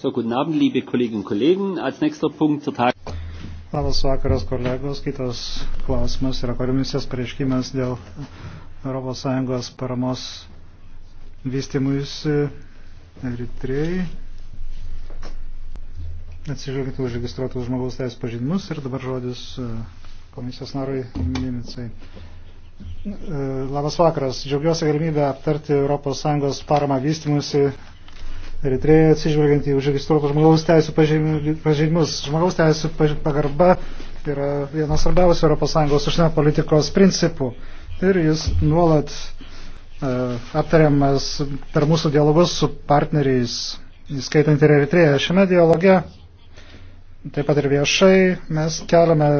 So, guten Abend, liebe Kolleginnen und Kollegen. Als nächster Punkt zur Tag. Labas vakaras, kolegos. Kitas klausimas yra komisijos pareiškimas dėl ES paramos vystimus Eritrėjai. Atsižvelgiant užregistruotus žmogaus teisės pažinimus ir dabar žodis e, komisijos narui Mimicai. E, labas vakaras. Džiaugiuosi galimybę aptarti ES paramą vystimusi Eritreja atsižvelgiant į užregistruotų žmogaus teisų pažeidimus. Žmogaus teisų pagarba yra vienas svarbiausių ES užsienio politikos principų ir jis nuolat uh, aptariamas per mūsų dialogus su partneriais, įskaitant ir Eritreją. Šiame dialoge, taip pat ir viešai, mes keliame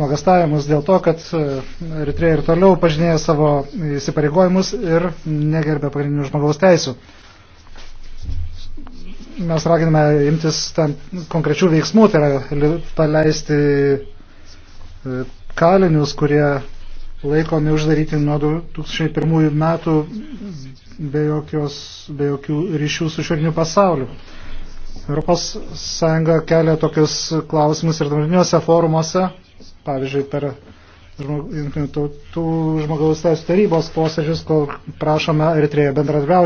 nuogastavimus dėl to, kad e, Eritreja ir toliau pažinėja savo įsipareigojimus ir negerbė pagrindinių žmogaus teisų mes raginame imtis tam konkrečių veiksmų, tai yra paleisti e, kalinius, kurie laikomi uždaryti nuo 2001 metų be, jokios, be jokių ryšių su šiuriniu pasauliu. Europos Sąjunga kelia tokius klausimus ir dabartiniuose forumuose, pavyzdžiui, per tautų žmogaus teisų tarybos posėdžius, kol prašome Eritreje bendradarbiauti.